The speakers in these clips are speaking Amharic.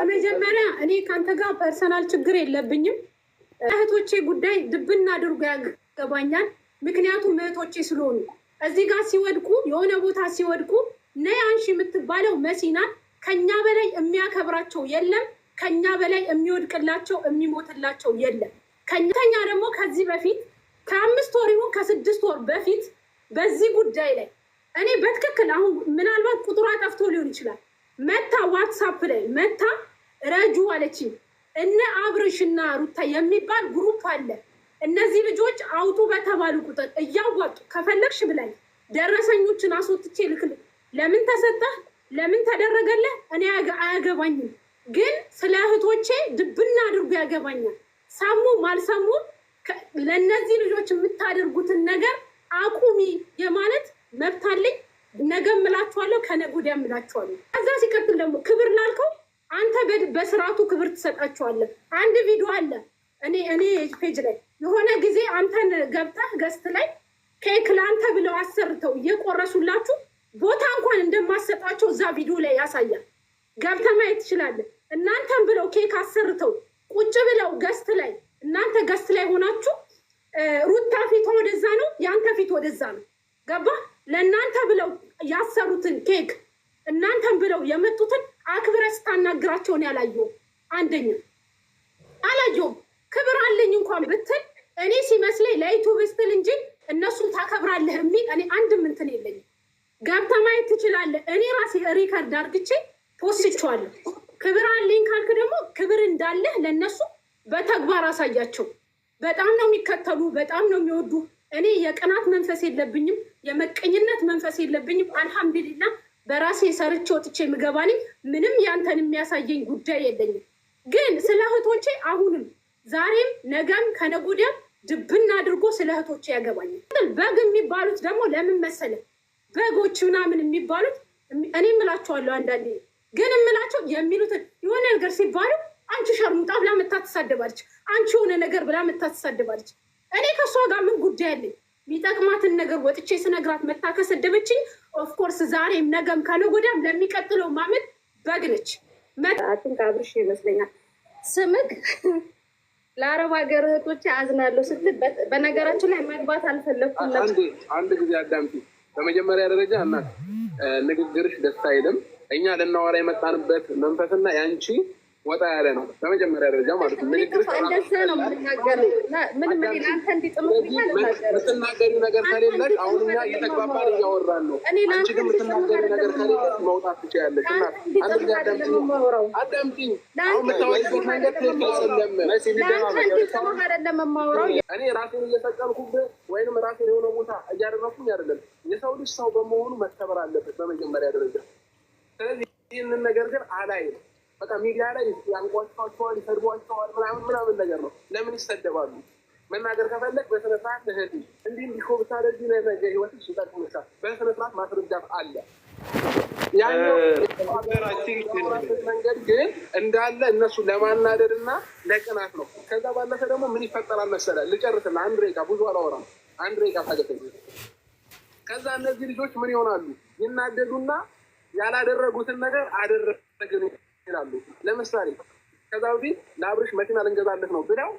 በመጀመሪያ እኔ ከአንተ ጋር ፐርሰናል ችግር የለብኝም። እህቶቼ ጉዳይ ድብና አድርጎ ያገባኛል። ምክንያቱም እህቶቼ ስለሆኑ እዚህ ጋር ሲወድቁ የሆነ ቦታ ሲወድቁ ነይ አንሺ የምትባለው መሲናት ከኛ በላይ የሚያከብራቸው የለም። ከኛ በላይ የሚወድቅላቸው የሚሞትላቸው የለም። ከኛ ደግሞ ከዚህ በፊት ከአምስት ወር ይሁን ከስድስት ወር በፊት በዚህ ጉዳይ ላይ እኔ በትክክል አሁን ምናልባት ቁጥሯ ጠፍቶ ሊሆን ይችላል መታ ዋትሳፕ ላይ መታ ረጁ አለች። እነ አብርሽና ሩታ የሚባል ግሩፕ አለ። እነዚህ ልጆች አውጡ በተባሉ ቁጥር እያዋጡ ከፈለግሽ ብላኝ ደረሰኞችን አስወጥቼ ልክል። ለምን ተሰጠህ፣ ለምን ተደረገለህ እኔ አያገባኝም፣ ግን ስለ እህቶቼ ድብና አድርጎ ያገባኛል። ሰሙም ማልሰሙ ለእነዚህ ልጆች የምታደርጉትን ነገር አቁሚ የማለት መብት አለኝ። ነገ እምላችኋለሁ፣ ከነገ ወዲያ እምላችኋለሁ። ከዛ ሲቀጥል ደግሞ ክብር ላልከው አንተ በስርዓቱ ክብር ትሰጣቸዋለህ። አንድ ቪዲዮ አለ እኔ እኔ ፔጅ ላይ የሆነ ጊዜ አንተን ገብተህ ገስት ላይ ኬክ ለአንተ ብለው አሰርተው እየቆረሱላችሁ ቦታ እንኳን እንደማሰጣቸው እዛ ቪዲዮ ላይ ያሳያል። ገብተህ ማየት ትችላለህ። እናንተን ብለው ኬክ አሰርተው ቁጭ ብለው ገስት ላይ እናንተ ገስት ላይ ሆናችሁ ሩታ ፊት ወደዛ ነው፣ የአንተ ፊት ወደዛ ነው። ገባ ለእናንተ ብለው ያሰሩትን ኬክ እናንተን ብለው የመጡትን አክብረ ስታናግራቸውን ያላየ አንደኛ አላየሁም። ክብር አለኝ እንኳን ብትል እኔ ሲመስለኝ ለይቱ ብስትል እንጂ እነሱን ታከብራለህ የሚል እኔ አንድም እንትን የለኝ። ገብተ ማየት ትችላለህ። እኔ ራሴ ሪከርድ አርግቼ ፖስቸዋለሁ። ክብር አለኝ ካልክ ደግሞ ክብር እንዳለህ ለእነሱ በተግባር አሳያቸው። በጣም ነው የሚከተሉ፣ በጣም ነው የሚወዱ። እኔ የቅናት መንፈስ የለብኝም፣ የመቀኝነት መንፈስ የለብኝም። አልሐምዱሊላ በራሴ ሰርቼ ወጥቼ የምገባ ምንም ያንተን የሚያሳየኝ ጉዳይ የለኝም። ግን ስለ እህቶቼ አሁንም ዛሬም ነገም ከነጎዳም ድብና አድርጎ ስለ እህቶቼ ያገባኛል። በግ የሚባሉት ደግሞ ለምን መሰለ በጎች ምናምን የሚባሉት እኔ እምላቸዋለሁ አንዳንዴ ግን እምላቸው የሚሉትን የሆነ ነገር ሲባሉ አንቺ ሸርሙጣ ብላ መታ ትሳደባለች፣ አንቺ የሆነ ነገር ብላ መታ ትሳደባለች። እኔ ከእሷ ጋር ምን ጉዳይ አለኝ? ሚጠቅማትን ነገር ወጥቼ ስነግራት መታ ከሰደበችኝ፣ ኦፍኮርስ ዛሬም ነገም ከነገ ወዲያም ለሚቀጥለው ማመት በግነች መጣትን ከአብርሽ ይመስለኛል ስምግ ለአረብ ሀገር እህቶች አዝናለሁ ስትል፣ በነገራችን ላይ መግባት አልፈለግኩም። አንድ ጊዜ አዳምቲ በመጀመሪያ ደረጃ እና ንግግርሽ ደስ አይልም። እኛ ልናወራ የመጣንበት መንፈስና የአንቺ ወጣ ያለ ነው። በመጀመሪያ ደረጃ ማለት ነው። የምትናገሪው ነገር ከሌለሽ አሁን እኛ እየተግባባን እያወራን ነው። አንቺ ግን የምትናገሪው ነገር ከሌለሽ መውጣት ትችያለሽ። እና አዳምጪኝ። እኔ ራሴን እየሰቀልኩብህ ወይም ራሴን የሆነ ቦታ እያደረኩኝ አይደለም። የሰው ልጅ ሰው በመሆኑ መከበር አለበት በመጀመሪያ ደረጃ። ስለዚህ ይህንን ነገር ግን አላይ ነው በቃ ሚዲያ ላይ ያንቋቸዋቸዋል፣ ይሰድቧቸዋል ምናምን ምናምን ነገር ነው። ለምን ይሰደባሉ? መናገር ከፈለግ በስነ ስርዓት እህል እንዲህ እንዲህ ብታደርጊ ነገ ህይወትሽ ይጠቅምሻል። በስነ ስርዓት ማስረጃ አለ። መንገድ ግን እንዳለ እነሱ ለማናደድ እና ለቅናት ነው። ከዛ ባለፈ ደግሞ ምን ይፈጠራል መሰለህ? ልጨርስልህ። አንድ ሬጋ ብዙ አላወራም። አንድ ሬጋ ታገተ። ከዛ እነዚህ ልጆች ምን ይሆናሉ? ይናደዱና ያላደረጉትን ነገር አደረግን ይችላሉ። ለምሳሌ ከዛ በፊት ለአብርሽ መኪና ልንገዛለት ነው ብለው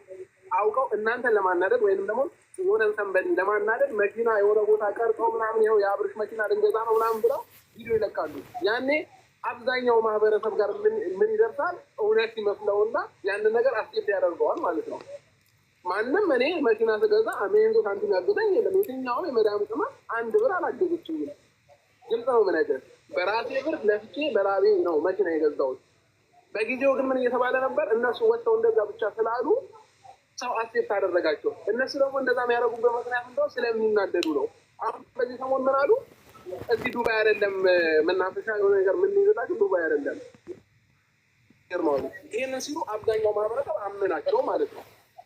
አውቀው እናንተን ለማናደድ ወይንም ደግሞ የሆነ ሰንበድ ለማናደድ መኪና የሆነ ቦታ ቀርጾ ምናምን ይኸው የአብርሽ መኪና ልንገዛ ነው ምናምን ብለው ቪዲዮ ይለቃሉ። ያኔ አብዛኛው ማህበረሰብ ጋር ምን ይደርሳል? እውነት ይመስለውና ያንን ነገር አስጌት ያደርገዋል ማለት ነው። ማንም እኔ መኪና ስገዛ አሜንዞ ሳንቲም ያገዘኝ የለም። የትኛውም የመዳም ጥማ አንድ ብር አላገዘችኝ። ግልጽ ነው የምነግርህ። በራሴ ብር ለፍቼ በራሴ ነው መኪና የገዛሁት። በጊዜው ግን ምን እየተባለ ነበር? እነሱ ወጥተው እንደዛ ብቻ ስላሉ ሰው አሴፕት አደረጋቸው። እነሱ ደግሞ እንደዛ የሚያደርጉበት ምክንያት እንደው ስለሚናደዱ ነው። አሁን በዚህ ሰሞን ምን አሉ? እዚህ ዱባይ አይደለም መናፈሻ የሆነ ነገር የምንይዘላቸው ዱባይ አይደለም ይህንን ሲሉ አብዛኛው ማህበረሰብ አምናቸው ማለት ነው።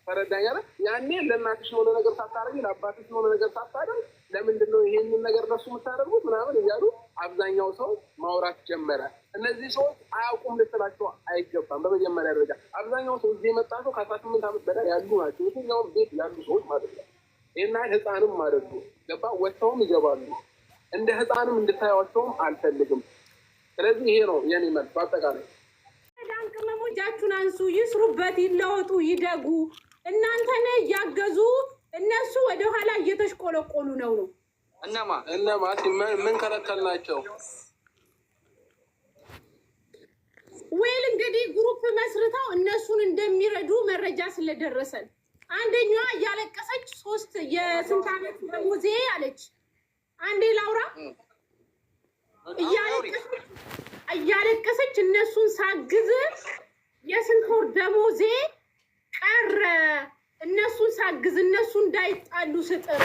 ተረዳኛ ነ ያኔ ለእናትሽ የሆነ ነገር ሳታደርጊ ለአባትሽ የሆነ ነገር ሳታደርግ ለምንድን ነው ይሄንን ነገር እነሱ የምታደርጉት ምናምን እያሉ አብዛኛው ሰው ማውራት ጀመረ። እነዚህ ሰዎች አያውቁም ልትላቸው አይገባም። በመጀመሪያ ደረጃ አብዛኛው ሰው እዚህ የመጣ ሰው ከአስራ ስምንት ዓመት በላይ ያሉ ናቸው። የትኛውም ቤት ያሉ ሰዎች ማለት ነው። ይህን ያህል ህፃንም ማለት ነው ገባ ወጥተውም ይገባሉ። እንደ ህፃንም እንድታያቸውም አልፈልግም። ስለዚህ ይሄ ነው የኔ መልስ በአጠቃላይ። ዳም እጃችሁን አንሱ፣ ይስሩበት፣ ይለወጡ፣ ይደጉ። እናንተን እያገዙ እነሱ ወደኋላ እየተሽቆለቆሉ ነው ነው እነማ እነማ ምን ከለከልናቸው? ወይል እንግዲህ ግሩፕ መስርተው እነሱን እንደሚረዱ መረጃ ስለደረሰን አንደኛዋ እያለቀሰች ሶስት የስንት ዓመት ደሞዜ አለች። አንዴ ላውራ እያለቀሰች እነሱን ሳግዝ የስንት ወር ደሞዜ ቀረ። እነሱን ሳግዝ እነሱ እንዳይጣሉ ስጥር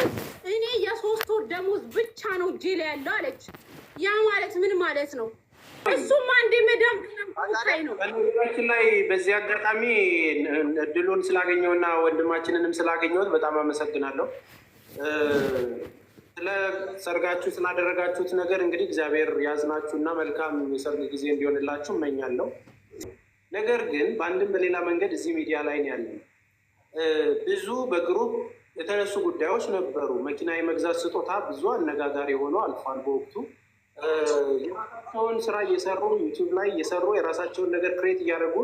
እኔ የሶስት ወር ደሞዝ ብቻ ነው እጄ ላይ ያለው አለች። ያ ማለት ምን ማለት ነው? እሱም አንድ የመዳም ነው። ላይ በዚህ አጋጣሚ እድሉን ስላገኘውና ወንድማችንንም ስላገኘውት በጣም አመሰግናለሁ። ስለ ሰርጋችሁ ስላደረጋችሁት ነገር እንግዲህ እግዚአብሔር ያዝናችሁና መልካም የሰርግ ጊዜ እንዲሆንላችሁ እመኛለሁ። ነገር ግን በአንድም በሌላ መንገድ እዚህ ሚዲያ ላይ ነው ያለ ብዙ በግሩፕ የተነሱ ጉዳዮች ነበሩ። መኪና የመግዛት ስጦታ ብዙ አነጋጋሪ ሆኖ አልፏል በወቅቱ የራሳቸውን ስራ እየሰሩ ዩቱብ ላይ እየሰሩ የራሳቸውን ነገር ክሬት እያደረጉ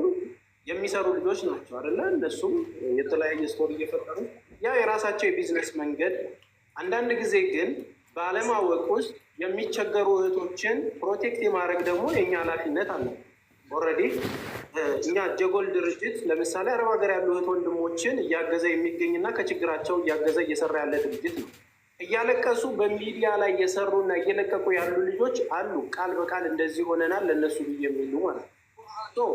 የሚሰሩ ልጆች ናቸው አደለ? እነሱም የተለያየ ስቶሪ እየፈጠሩ ያ የራሳቸው የቢዝነስ መንገድ። አንዳንድ ጊዜ ግን በአለማወቅ ውስጥ የሚቸገሩ እህቶችን ፕሮቴክት የማድረግ ደግሞ የእኛ ኃላፊነት አለ። ኦልሬዲ እኛ ጀጎል ድርጅት ለምሳሌ አረብ ሀገር ያሉ እህት ወንድሞችን እያገዘ የሚገኝና ከችግራቸው እያገዘ እየሰራ ያለ ድርጅት ነው። እያለቀሱ በሚዲያ ላይ እየሰሩ እና እየለቀቁ ያሉ ልጆች አሉ። ቃል በቃል እንደዚህ ሆነናል ለእነሱ ብዬ የሚሉ ማለት ነው።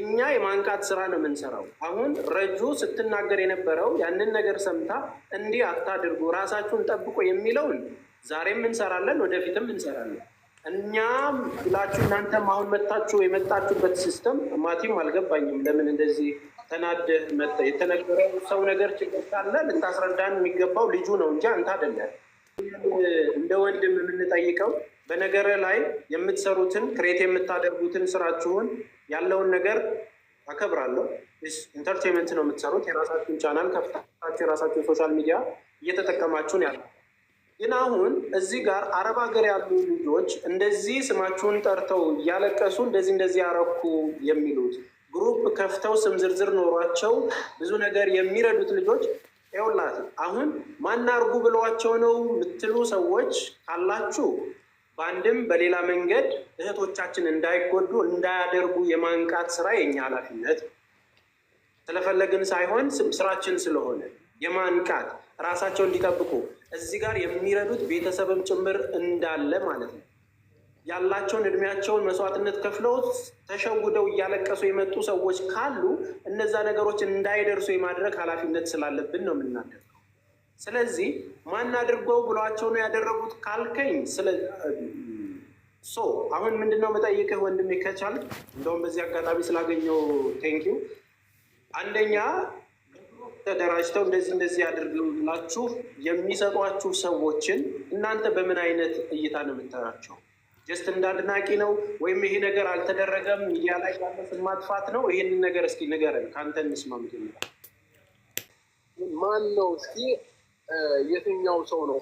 እኛ የማንቃት ስራ ነው የምንሰራው። አሁን ረጁ ስትናገር የነበረው ያንን ነገር ሰምታ እንዲህ አታድርጉ፣ ራሳችሁን ጠብቆ የሚለውን ዛሬም እንሰራለን፣ ወደፊትም እንሰራለን። እኛም ብላችሁ እናንተም አሁን መታችሁ የመጣችሁበት ሲስተም ማቲም አልገባኝም ለምን እንደዚህ ተናደህ መጠ የተነገረው ሰው ነገር ችግር ካለ ልታስረዳን የሚገባው ልጁ ነው እንጂ አንተ አይደለም። እንደ ወንድም የምንጠይቀው በነገር ላይ የምትሰሩትን ክሬት የምታደርጉትን ስራችሁን ያለውን ነገር አከብራለሁ። ኢንተርቴንመንት ነው የምትሰሩት። የራሳችሁን ቻናል ከፍታችሁ የራሳችሁን ሶሻል ሚዲያ እየተጠቀማችሁን ያለ ግን አሁን እዚህ ጋር አረብ ሀገር ያሉ ልጆች እንደዚህ ስማችሁን ጠርተው እያለቀሱ እንደዚህ እንደዚህ ያረኩ የሚሉት ግሩፕ ከፍተው ስም ዝርዝር ኖሯቸው ብዙ ነገር የሚረዱት ልጆች ውላት አሁን አርጉ ብለዋቸው ነው የምትሉ ሰዎች ካላችሁ በአንድም በሌላ መንገድ እህቶቻችን እንዳይጎዱ እንዳያደርጉ የማንቃት ስራ የኛ ኃላፊነት ስለፈለግን ሳይሆን ስራችን ስለሆነ የማንቃት ራሳቸው እንዲጠብቁ እዚህ ጋር የሚረዱት ቤተሰብም ጭምር እንዳለ ማለት ነው። ያላቸውን እድሜያቸውን መስዋዕትነት ከፍለው ተሸውደው እያለቀሱ የመጡ ሰዎች ካሉ እነዛ ነገሮች እንዳይደርሱ የማድረግ ኃላፊነት ስላለብን ነው የምናደርገው። ስለዚህ ማን አድርገው ብሏቸው ነው ያደረጉት ካልከኝ አሁን ምንድነው መጠይቅህ ወንድም ከቻል እንደውም በዚህ አጋጣሚ ስላገኘው ቴንኪው። አንደኛ ተደራጅተው እንደዚህ እንደዚህ ያደርግላችሁ የሚሰጧችሁ ሰዎችን እናንተ በምን አይነት እይታ ነው የምታያቸው? ጀስት እንዳድናቂ ነው ወይም ይሄ ነገር አልተደረገም ሚዲያ ላይ ያለፍን ማጥፋት ነው? ይህን ነገር እስኪ ንገረን፣ ከአንተ እንስማ። መጀመሪያ ማን ነው እስኪ የትኛው ሰው ነው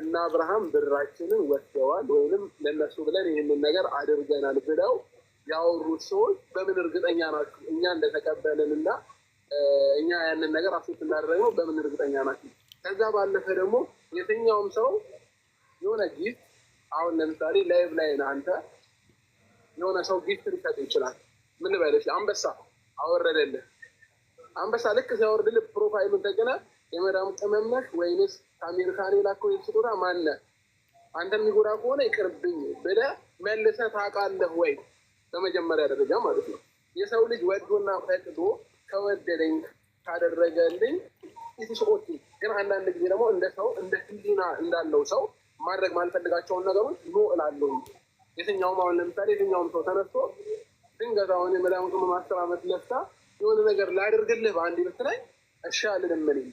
እና አብርሃም ብራችንን ወስደዋል ወይም ለነሱ ብለን ይህንን ነገር አድርገናል ብለው ያወሩት ሰዎች በምን እርግጠኛ ናቸው? እኛ እንደተቀበልን እና እኛ ያንን ነገር አሴት እናደረግነው በምን እርግጠኛ ናቸው ከዛ ባለፈ ደግሞ የትኛውም ሰው የሆነ ጊፍት አሁን ለምሳሌ ላይቭ ላይ አንተ የሆነ ሰው ጊፍት ሊሰጥ ይችላል። ምን ልበልሽ? አንበሳ አወረደልህ። አንበሳ ልክ ሲያወርድልህ ፕሮፋይሉን ተገና የመዳም ቅመም ነሽ ወይንስ ከአሜሪካን የላከው ስጦታ ማነህ? አንተ የሚጎዳ ከሆነ ይቅርብኝ ብለህ መልሰህ ታውቃለህ ወይ? በመጀመሪያ ደረጃ ማለት ነው። የሰው ልጅ ወዶና ፈቅዶ ከወደደኝ ካደረገልኝ ኢትስቆቲ ግን አንዳንድ ጊዜ ደግሞ እንደ ሰው እንደ ህሊና እንዳለው ሰው ማድረግ ማልፈልጋቸውን ነገሮች ኖ እላለሁ። የትኛውም አሁን ለምሳሌ የትኛውም ሰው ተነስቶ ድንገት አሁን የመድኃኒቱ በማስር ዓመት ለፍታ የሆነ ነገር ላደርግልህ በአንድ ብት ላይ እሺ አልልምልኝ።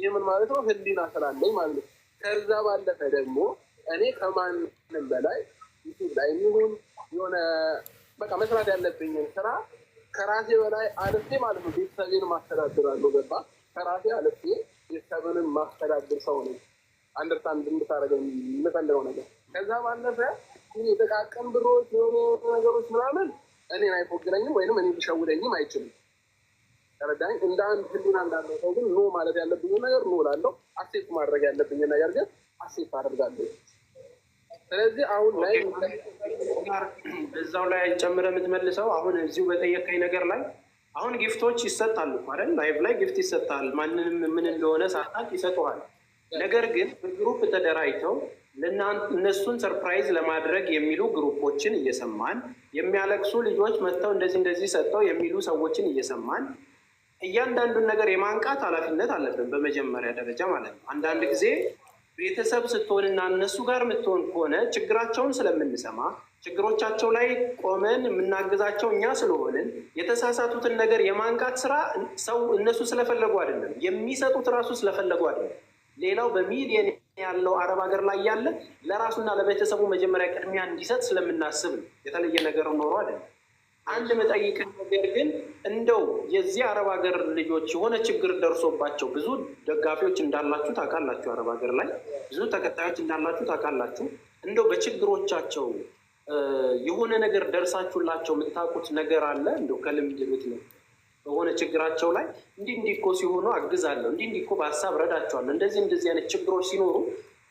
ይህ ምን ማለት ነው? ህሊና ስላለኝ ማለት ነው። ከዛ ባለፈ ደግሞ እኔ ከማንም በላይ ዩቱብ ላይ የሚሆን የሆነ በቃ መስራት ያለብኝን ስራ ከራሴ በላይ አልፌ ማለት ነው ቤተሰብን ማስተዳድራለሁ። ገባ? ከራሴ አልፌ ቤተሰብንም ማስተዳድር ሰው ነኝ። አንደርስታንድ እንድታደረገው የምፈልገው ነገር ከዛ ባለፈ የተቃቀም ብሮች የሆኑ ነገሮች ምናምን እኔን አይፎግረኝም ወይም እኔ ሊሸውደኝም አይችልም። ተረዳኝ። እንደ አንድ ህሊና እንዳለው ሰው ግን ኖ ማለት ያለብኝ ነገር ኖ ላለው አሴፕት ማድረግ ያለብኝ ነገር ግን አሴፕት አደርጋለሁ። ስለዚህ አሁን ላይ እዛው ላይ ጨምረ የምትመልሰው አሁን እዚሁ በጠየቀኝ ነገር ላይ አሁን ጊፍቶች ይሰጣሉ ማለት ላይቭ ላይ ጊፍት ይሰጣል። ማንንም ምን እንደሆነ ሳታውቅ ይሰጡሃል። ነገር ግን በግሩፕ ተደራጅተው እነሱን ሰርፕራይዝ ለማድረግ የሚሉ ግሩፖችን እየሰማን የሚያለቅሱ ልጆች መጥተው እንደዚህ እንደዚህ ሰጥተው የሚሉ ሰዎችን እየሰማን እያንዳንዱን ነገር የማንቃት ኃላፊነት አለብን። በመጀመሪያ ደረጃ ማለት ነው። አንዳንድ ጊዜ ቤተሰብ ስትሆንና እነሱ ጋር የምትሆን ከሆነ ችግራቸውን ስለምንሰማ ችግሮቻቸው ላይ ቆመን የምናግዛቸው እኛ ስለሆንን የተሳሳቱትን ነገር የማንቃት ስራ ሰው እነሱ ስለፈለጉ አይደለም የሚሰጡት ራሱ ስለፈለጉ አይደለም ሌላው በሚሊየን ያለው አረብ ሀገር ላይ ያለ ለራሱና ለቤተሰቡ መጀመሪያ ቅድሚያ እንዲሰጥ ስለምናስብ ነው። የተለየ ነገር ኖሮ አይደለም። አንድ መጠይቅ ነገር ግን እንደው የዚህ አረብ ሀገር ልጆች የሆነ ችግር ደርሶባቸው ብዙ ደጋፊዎች እንዳላችሁ ታውቃላችሁ፣ አረብ ሀገር ላይ ብዙ ተከታዮች እንዳላችሁ ታውቃላችሁ። እንደው በችግሮቻቸው የሆነ ነገር ደርሳችሁላቸው የምታውቁት ነገር አለ እንደው ከልምድ ነው በሆነ ችግራቸው ላይ እንዲህ እንዲህ እኮ ሲሆኑ አግዛለሁ፣ እንዲህ እንዲህ እኮ በሀሳብ ረዳቸዋለሁ፣ እንደዚህ እንደዚህ አይነት ችግሮች ሲኖሩ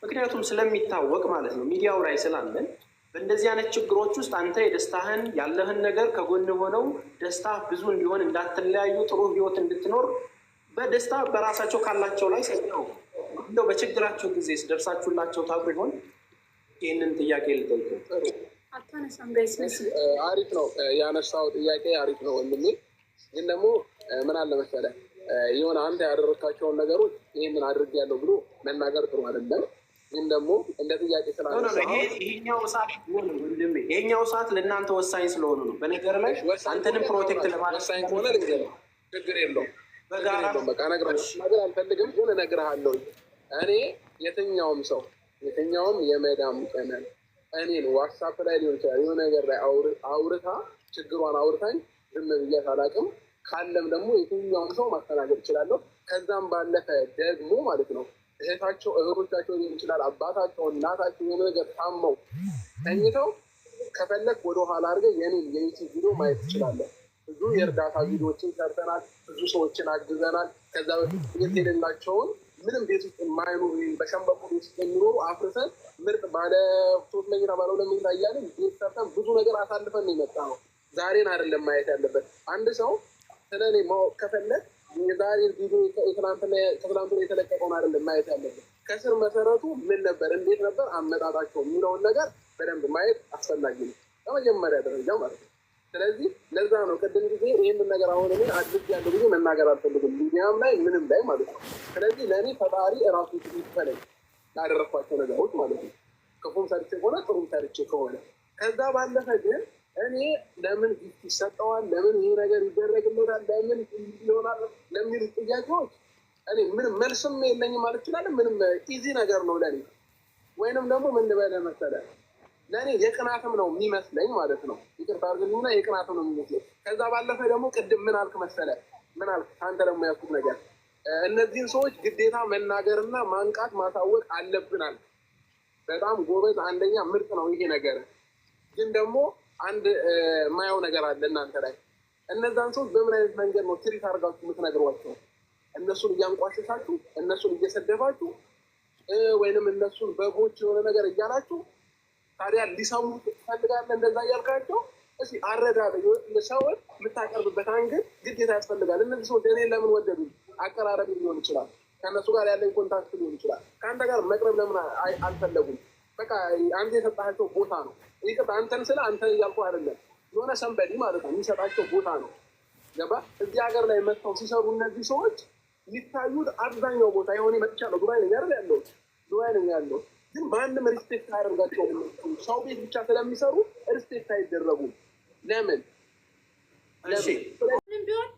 ምክንያቱም ስለሚታወቅ ማለት ነው ሚዲያው ላይ ስላለን በእንደዚህ አይነት ችግሮች ውስጥ አንተ የደስታህን ያለህን ነገር ከጎን ሆነው ደስታ ብዙ እንዲሆን እንዳትለያዩ ጥሩ ህይወት እንድትኖር በደስታ በራሳቸው ካላቸው ላይ ሰው እንደው በችግራቸው ጊዜ ደርሳችሁላቸው ታብር ይሆን? ይህንን ጥያቄ ልጠይቅ። አሪፍ ነው ያነሳው ጥያቄ አሪፍ ነው ወንድሜ። ግን ደግሞ ምን አለ መሰለ የሆነ አንተ ያደረካቸውን ነገሮች ይህንን ያለው ብሎ መናገር ጥሩ አይደለም። ግን ደግሞ እንደ ጥያቄ ስላይሄኛው ሰዓት ለእናንተ ወሳኝ ስለሆኑ ነው። በነገር ላይ አንተንም ፕሮቴክት ለማለት ወሳኝ ከሆነ ችግር የለውም በቃ እነግርሃለሁ። አልፈልግም ግን እነግርሃለሁ። እኔ የትኛውም ሰው የትኛውም የመዳም ቀነን እኔን ዋትሳፕ ላይ ሊሆን ይችላል የሆነ ነገር ላይ አውርታ ችግሯን አውርታኝ ዝም ብያት አላውቅም። ካለም ደግሞ የትኛውም ሰው ማስተናገድ እችላለሁ። ከዛም ባለፈ ደግሞ ማለት ነው እህታቸው እህቶቻቸው ሊሆን ይችላል አባታቸው፣ እናታቸው የሆነ ነገር ታመው ተኝተው ከፈለግ ወደ ኋላ አድርገህ የኔን የዩቲዩብ ቪዲዮ ማየት ትችላለህ። ብዙ የእርዳታ ቪዲዮዎችን ሰርተናል። ብዙ ሰዎችን አግዘናል። ከዛ በፊት ቤት የሌላቸውን ምንም ቤት ውስጥ የማይኖሩ በሸንበቆ ቤት ውስጥ የሚኖሩ አፍርሰን ምርጥ ባለ ሶስት መኝታ ባለ ሁለት መኝታ እያለን ቤት ሰርተን ብዙ ነገር አሳልፈን ነው የመጣ ነው። ዛሬን አይደለም ማየት ያለበት። አንድ ሰው ስለ እኔ ማወቅ ከፈለግ የዛሬን ከትላንትና የተለቀቀውን አይደለም ማየት ያለበት። ከስር መሰረቱ ምን ነበር፣ እንዴት ነበር አመጣጣቸው የሚለውን ነገር በደንብ ማየት አስፈላጊ ነው፣ ለመጀመሪያ ደረጃ ማለት ነው። ስለዚህ ለዛ ነው ቅድም ጊዜ ይህንን ነገር አሁን እኔ አዲስ ያለ ጊዜ መናገር አልፈልግም፣ ሚዲያም ላይ ምንም ላይ ማለት ነው። ስለዚህ ለእኔ ፈጣሪ እራሱ ይክፈለኝ ያደረግኳቸው ነገሮች ማለት ነው። ክፉም ሰርቼ ከሆነ ጥሩም ሰርቼ ከሆነ ከዛ ባለፈ ግን እኔ ለምን ይሰጠዋል፣ ለምን ይህ ነገር ይደረግለታል፣ ለምን ይሆናል ለሚሉ ጥያቄዎች እኔ ምንም መልስም የለኝም ማለት ይችላል። ምንም ኢዚ ነገር ነው ለኔ። ወይንም ደግሞ ምን ልበልህ መሰለ ለእኔ የቅናትም ነው የሚመስለኝ ማለት ነው። ይቅርታ አድርግልኝና የቅናትም ነው የሚመስለኝ። ከዛ ባለፈ ደግሞ ቅድም ምን አልክ መሰለ ምን አልክ አንተ ደግሞ ያልኩት ነገር እነዚህን ሰዎች ግዴታ መናገርና ማንቃት ማሳወቅ አለብናል። በጣም ጎበዝ፣ አንደኛ ምርጥ ነው ይሄ ነገር ግን ደግሞ አንድ ማየው ነገር አለ እናንተ ላይ። እነዛን ሰዎች በምን አይነት መንገድ ነው ትሪት አድርጋችሁ የምትነግሯቸው? እነሱን እያንቋሸሻችሁ፣ እነሱን እየሰደባችሁ፣ ወይንም እነሱን በጎች የሆነ ነገር እያላችሁ ታዲያ ሊሰሙ ትፈልጋለህ? እንደዛ እያልካቸው እስ አረዳለ ሰውን የምታቀርብበት አንግል ግዴታ ያስፈልጋል። እነዚህ ሰዎች እኔ ለምን ወደዱ? አቀራረብ ሊሆን ይችላል፣ ከእነሱ ጋር ያለኝ ኮንታክት ሊሆን ይችላል። ከአንተ ጋር መቅረብ ለምን አልፈለጉም? በቃ አንተ የሰጣቸው ቦታ ነው ይቅርታ አንተን ስለ አንተን እያልኩ አይደለም። የሆነ ሰንበዲ ማለት ነው የሚሰጣቸው ቦታ ነው። ገባ እዚህ ሀገር ላይ መጥተው ሲሰሩ እነዚህ ሰዎች ሊታዩት አብዛኛው ቦታ የሆነ መጥቻለሁ። ዱባይ ነኝ አይደል ያለው ዱባይ ነኝ ያለው ግን ማንም ሪስፔክት አያደርጋቸውም። ሰው ቤት ብቻ ስለሚሰሩ ሪስፔክት አይደረጉም። ለምን ለምን ቢሆን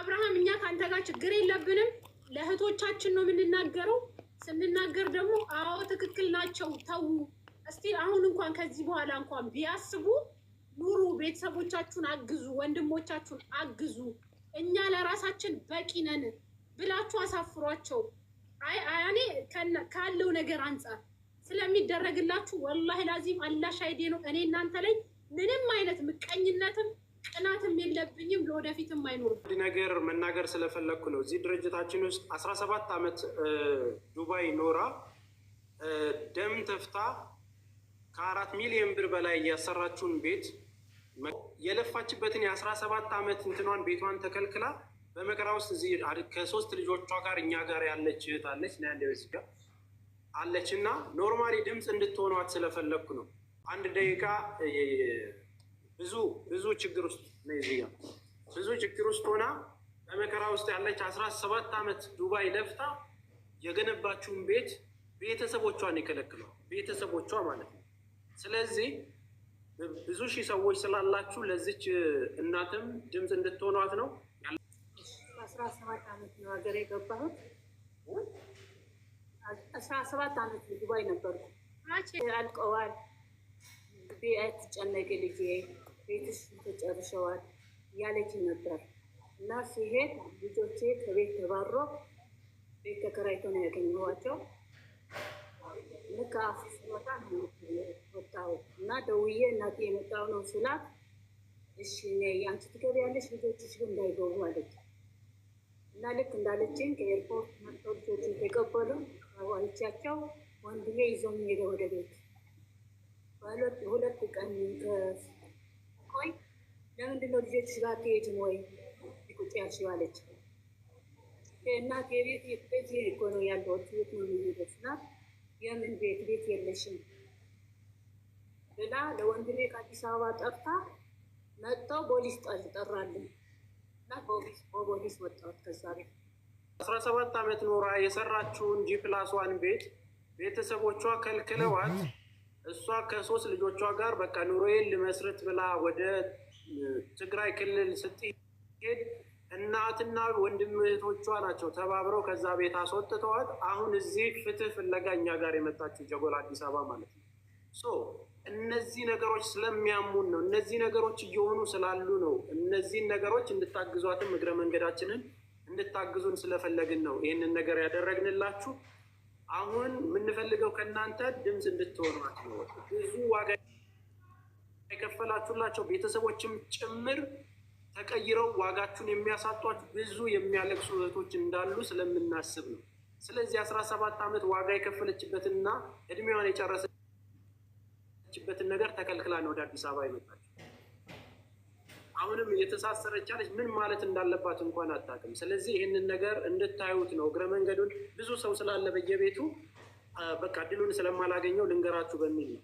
አብርሃም፣ እኛ ከአንተ ጋር ችግር የለብንም። ለእህቶቻችን ነው የምንናገረው። ስንናገር ደግሞ አዎ ትክክል ናቸው ተዉ እስቲ አሁን እንኳን ከዚህ በኋላ እንኳን ቢያስቡ ኑሩ፣ ቤተሰቦቻችሁን አግዙ፣ ወንድሞቻችሁን አግዙ፣ እኛ ለራሳችን በቂ ነን ብላችሁ አሳፍሯቸው። እኔ ካለው ነገር አንጻር ስለሚደረግላችሁ ወላሂ ላዚም አላህ ሻሂዴ ነው። እኔ እናንተ ላይ ምንም አይነት ምቀኝነትም ቅናትም የለብኝም፣ ለወደፊትም አይኖርም። አንድ ነገር መናገር ስለፈለግኩ ነው። እዚህ ድርጅታችን ውስጥ አስራ ሰባት ዓመት ዱባይ ኖራ ደም ተፍታ ከአራት ሚሊዮን ብር በላይ ያሰራችውን ቤት የለፋችበትን የአስራ ሰባት ዓመት እንትኗን ቤቷን ተከልክላ በመከራ ውስጥ እዚህ ከሶስት ልጆቿ ጋር እኛ ጋር ያለች እህት አለች ና ያለ በዚህ ጋር አለች እና ኖርማሊ ድምፅ እንድትሆኗት ስለፈለግኩ ነው። አንድ ደቂቃ ብዙ ብዙ ችግር ውስጥ ነው እዚህ ብዙ ችግር ውስጥ ሆና በመከራ ውስጥ ያለች አስራ ሰባት ዓመት ዱባይ ለፍታ የገነባችውን ቤት ቤተሰቦቿን ይከለክለዋል። ቤተሰቦቿ ማለት ነው ስለዚህ ብዙ ሺህ ሰዎች ስላላችሁ ለዚች እናትም ድምፅ እንድትሆኗት ነው። አስራ ሰባት ዓመት ነው ሀገር የገባሁት። አስራ ሰባት ዓመት ዱባይ ነበርኩ። አልቀዋል። የተጨነቀ ልጄ ቤትሽ ተጨርሸዋል ያለች ነበር እና ሲሄድ ልጆቼ ከቤት ተባሮ ቤት ተከራይቶ ነው ያገኘኋቸው ልክ ስትወጣ ወጣው እና ደውዬ እናቴ የመጣው ነው ስላት፣ እሺ አንቺ ትገቢያለሽ ልጆችሽ ግን እንዳይገቡ አለች እና ልክ እንዳለችን ከኤርፖርት መጥተው ልጆችን ተቀበሉ። ዋይቻቸው ይዞኝ ሄደ ወደ ቤት። ሁለት ቀን ቆይ ለምንድነው ልጆችሽ ጋር አትሄጂም ወይ ቁጭ ያልሽው አለች። ቤት እኮ ነው ያለሁት ቤት ነው የሚሄደው ስላት የምን ቤት ቤት የለሽም ብላ ለወንድሜ ከአዲስ አበባ ጠርታ መጥተው ፖሊስ ጠራልኝ እና በፖሊስ ወጣት ከዛ ቤት አስራ ሰባት ዓመት ኖራ የሰራችውን ዋን ቤት ቤተሰቦቿ ከልክለዋት እሷ ከሶስት ልጆቿ ጋር በቃ ኑሮዬን ልመስርት ብላ ወደ ትግራይ ክልል ስትሄድ እናትና ወንድም እህቶቿ ናቸው ተባብረው ከዛ ቤት አስወጥተዋት። አሁን እዚህ ፍትህ ፍለጋ እኛ ጋር የመጣችው ጀጎል አዲስ አበባ ማለት ነው። ሶ እነዚህ ነገሮች ስለሚያሙን ነው፣ እነዚህ ነገሮች እየሆኑ ስላሉ ነው። እነዚህን ነገሮች እንድታግዟትም እግረ መንገዳችንን እንድታግዙን ስለፈለግን ነው ይህንን ነገር ያደረግንላችሁ። አሁን የምንፈልገው ከእናንተ ድምፅ እንድትሆኗት ነው። ብዙ ዋጋ የከፈላችሁላቸው ቤተሰቦችም ጭምር ተቀይረው ዋጋችሁን የሚያሳጧችሁ ብዙ የሚያለቅሱ እህቶች እንዳሉ ስለምናስብ ነው። ስለዚህ አስራ ሰባት ዓመት ዋጋ የከፈለችበትንና እድሜዋን የጨረሰችበትን ነገር ተከልክላ ነው ወደ አዲስ አበባ ይመጣል። አሁንም እየተሳሰረች አለች። ምን ማለት እንዳለባት እንኳን አታውቅም። ስለዚህ ይህንን ነገር እንድታዩት ነው። እግረ መንገዱን ብዙ ሰው ስላለ በየቤቱ በቃ ድሉን ስለማላገኘው ልንገራችሁ በሚል ነው።